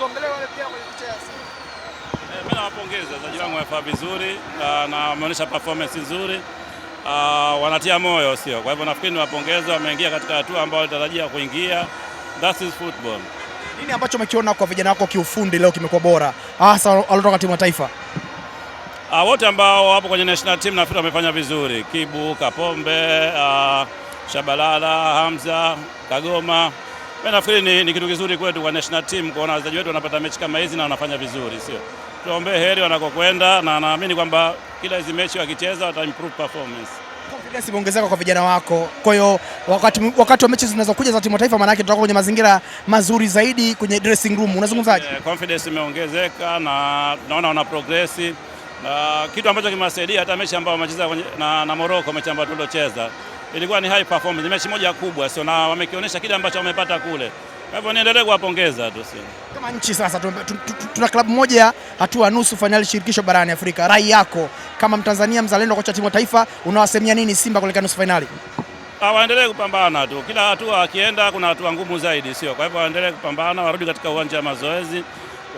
Eh, mimi nawapongeza wachezaji wangu, wamefaa vizuri na wameonyesha performance nzuri, ah, wanatia moyo, sio? Kwa hivyo nafikiri niwapongeze, wameingia katika hatua ambayo walitarajia kuingia. That is football. Nini ambacho umekiona kwa vijana wako kiufundi leo kimekuwa bora hasa waliotoka timu ya taifa? Uh, wote ambao wapo kwenye national team nafikiri wamefanya vizuri. Kibu Kapombe, uh, Shabalala, Hamza, Kagoma nafikiri ni, ni kitu kizuri kwetu kwa national team kuona wachezaji wetu wanapata mechi kama hizi na wanafanya vizuri, sio tuombe heri wanakokwenda, na naamini kwamba kila hizi mechi wakicheza wata improve performance. Confidence imeongezeka kwa vijana wako, kwa hiyo wakati, wakati wa mechi zinazokuja za timu taifa, maanake tutakuwa kwenye mazingira mazuri zaidi kwenye dressing room. Unazungumzaje? Yeah, confidence imeongezeka na tunaona wana progress na kitu ambacho kimewasaidia hata mechi ambayo wamecheza na, na Morocco mechi ambayo tuliocheza ilikuwa ni high performance, mechi moja kubwa sio, na wamekionyesha kile ambacho wamepata kule. Kwa hivyo niendelee kuwapongeza tu sio. Kama nchi sasa tuna klabu moja ya hatua nusu fainali shirikisho barani Afrika, rai yako kama Mtanzania mzalendo, kocha timu ya taifa, unawasemia nini Simba kuelekea nusu fainali? Ah, waendelee kupambana tu, kila hatua akienda kuna hatua ngumu zaidi, sio? Kwa hivyo waendelee kupambana, warudi katika uwanja wa mazoezi,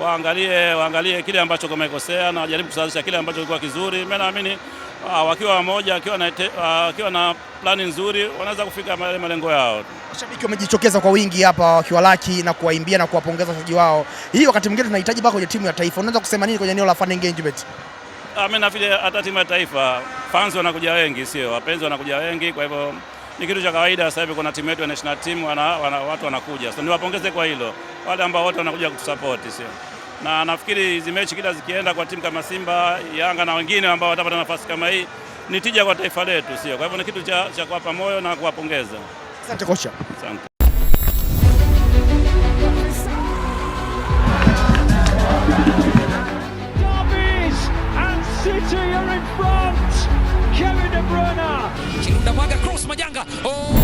waangalie waangalie kile ambacho kumekosea na wajaribu kusawazisha kile ambacho kilikuwa kizuri. Mimi naamini Ah, wakiwa wamoja, ah, wakiwa na plani nzuri, wanaweza kufika yale malengo yao. Mashabiki wamejitokeza kwa wingi hapa wakiwalaki na kuwaimbia na kuwapongeza wachezaji wao. Hii wakati mwingine tunahitaji mpaka kwenye timu ya taifa. Unaweza kusema nini kwenye eneo la fan engagement? Ah, mimi nafikiri hata timu ya taifa fans wanakuja wengi, sio wapenzi wanakuja wengi, kwa hivyo ni kitu cha kawaida. Sasa hivi kuna timu yetu ya national team, wana, wana, watu wanakuja, so niwapongeze kwa hilo wale ambao wote wanakuja kutusapoti, sio na nafikiri hizi mechi kila zikienda kwa timu kama Simba, Yanga na wengine ambao watapata nafasi kama hii ni tija kwa taifa letu, sio? Kwa hivyo ni kitu cha, cha kuwapa moyo na kuwapongeza. Asante kocha. Asante. Kevin De Bruyne. mwaga cross majanga. Oh!